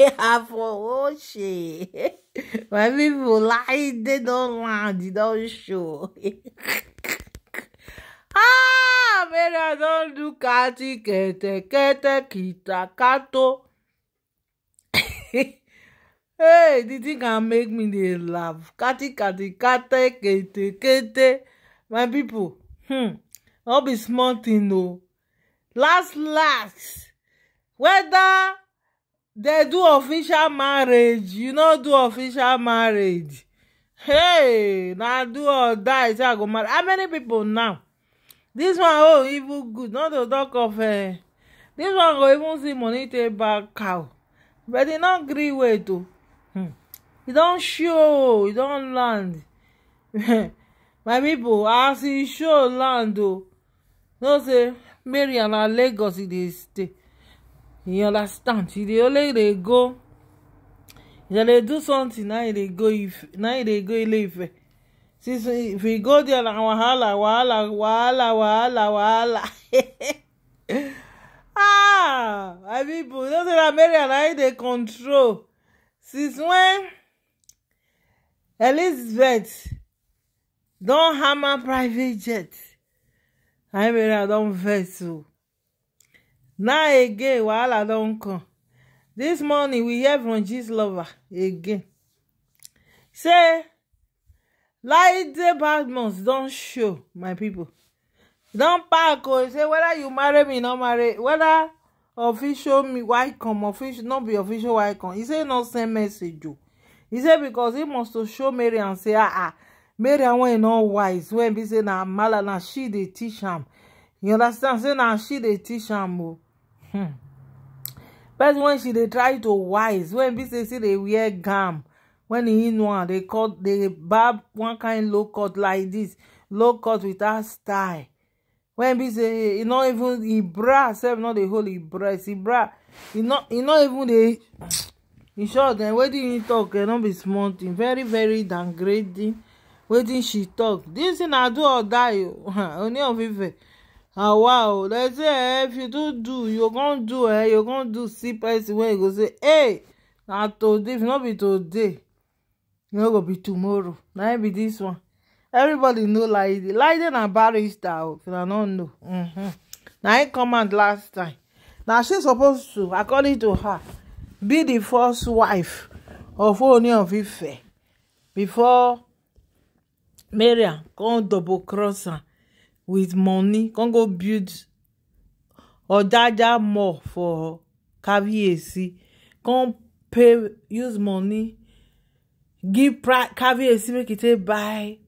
Afowoshi. My people lie, they don't land, they don't show. ah, man, I don't do kati kete kete kita kato. hey, the thing can make me dey laugh. Kati kati kate kete kete. My people, hmm, all be small thing o. Last last, whether They do official marriage you no do official marriage hey na do or die say i go marry how many people now This one oh even good not to talk of eh This one go even see money take back cow but e no gree wait o oh. hmm e don show e don land my people, as e show land oh. o know say mary and her lagos e dey stay you understand you dey only dey go you dey do something na you dey go if na you dey go Ile Ife since if you go there na wahala wahala wahala wahala wahala ah my people you know say na Mariam na him dey control since when Elizabeth don hammer private jet na Mariam don vex o. Oh now again wahala don come this morning we hear from lover again say bad badmus don show my people. don pack o say whether you marry me not marry whether official me, why come official not be official why come? He say no send message o He say because he must to show mary and say ah ah mary wey no wise wey be say na mala na she dey teach am you understand say na she dey teach am o hmm. first wen she dey try to wise wen be say she dey wear gam wen e know am dey cut dey barb one kind low cut like this, low cut without style wen be say e no even e bra sef no dey hold e breast e bra e no even dey in short dem wetin talk? tok eh, no be small tin very very downgrading wetin she talk? This tin na do or die o oh, oni of ife Ah wow like say eh, if you do do you're gonna do eh You're gonna do see person wey you go say hey na today if no be today no go be tomorrow na be this one everybody know laide laide and barrister o oh, if I don't know mm-hmm. na im come out last time Now she supposed to according to her be the first wife of oni of ife before maria come double cross am with money come go build ojaja mall for kabiyesi come pay use money give kabiyesi make e take buy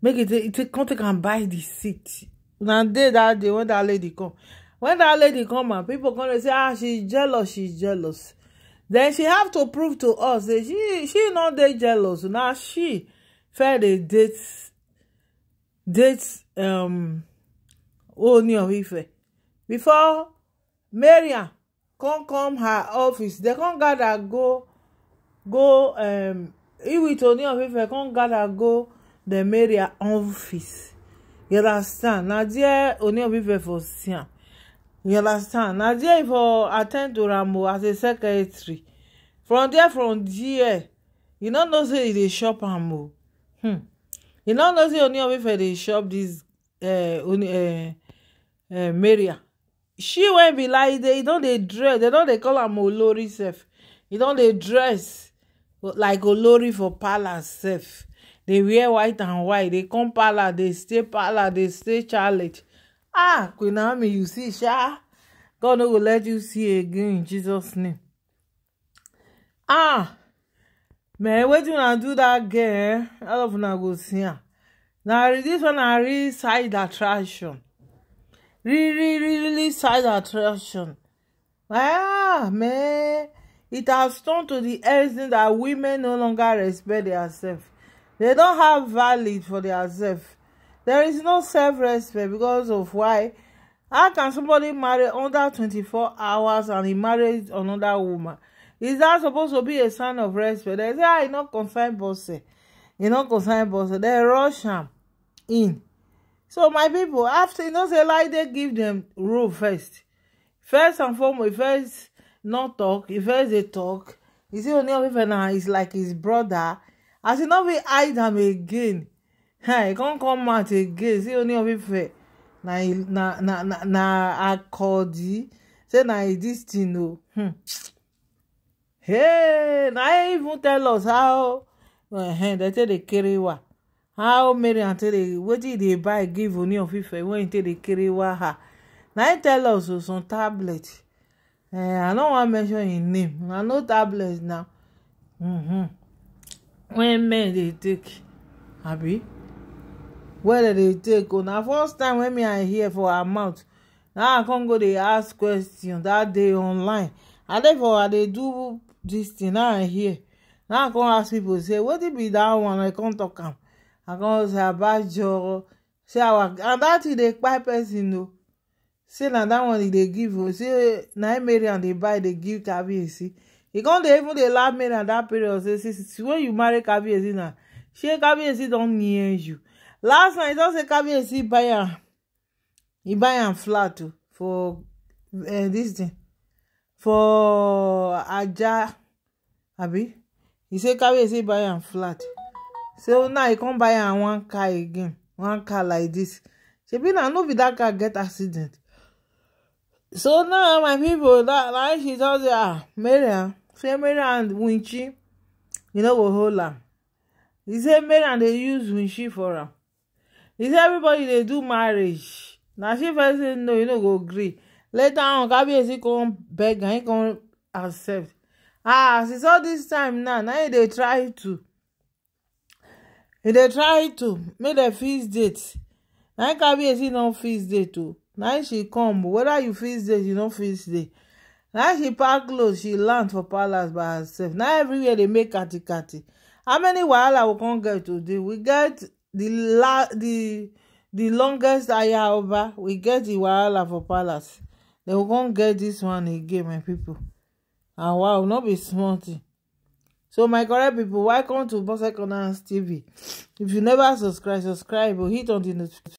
make e take e take come take am buy the seat na day that day when that lady come when that lady come and people come dey say ah she jealous she jealous then she have to prove to us say she she no dey jealous na she fair dey date date um, Ooni of Ife before Maria come come her office dem come gather go go um, Iwit Ooni of Ife come gather go the Maria office you understand na there Ooni of Ife for see am you understand na there for attend to am o as a secretary from there from there you no know say e dey shop Rambo. o hmm. you no know say oni of Ife dey shop dis uh, uh, uh, maria she wey be like e don dey dress dem don dey call am olori sef e don dey dress like olori for palace sef dey wear white and white dey come palace dey stay palace dey stay charlotte ah queen naomi you see sha god no go let you see again in jesus name ah man wetin una do dat girl all of una go see am na this one na real side attraction really really side attraction ah man it has turned to the extent that women no longer respect themselves. They don't have value for themselves. there is no self respect because of why how can somebody marry under twenty-four hours and he marry another woman is that supposed to be a sign of respect They say I ah, e no concern bossy e no consign bus dem rush am in so my people, after you know say like dey give dem rule first first and foremost e first no talk, e first dey talk, e say only of na is like his brother. as e no fit hide am again e con come out again say only of ife na akodi say na dis tin o oh. hmm hey na even tell us how ehn dem take dey kerewa how mariam take dey wetin e dey buy give oni of ife wen e take dey kerewa her na im tell us o some tablet eh i no wan mention im name na no tablet na mm-hmm. wen men dey take abi wey dem dey take o na first time wen me i hear for her mouth na i come go dey ask question dat day online i dey for i dey do dis thing na i hear now i go ask people say "What wetin be dat one i come tok am i go say about ah, Joe. say our ah, and that is the kpai person know. say na that one e dey give o say na im marian dey buy dey give kabiyesi e come dey even dey laugh at that period say see see when you marry kabiyesi na shey kabiyesi don't need you last night e don say kabiyesi buy a? He buy a flat o oh, for uh, eh, dis thing for aja abi he say kabiyesi buy am flat so oh, now he come buy am one car again one car like this shebi na no be that car get accident so now my people that na she just say ah mariam say mariam winchi you no go hold am he say mariam dey use winchi for am he say everybody dey do marriage na she first say no you no go gree later on kabiyesi come beg am he come accept ah since all this time now now im dey try to e dey try to make dem fix date na im kabiyesi don fix date o na im she come whether you fix date you no fix date na she pack clothes she land for palace by herself na everywhere dey make katikati how many wahala we come get today we get the la the the longest aya oba we get the wahala for palace dem go come get this one again my people and wow no be small thing so my correct people, welcome to bose corners tv if you never subscribe subscribe or hit on the notification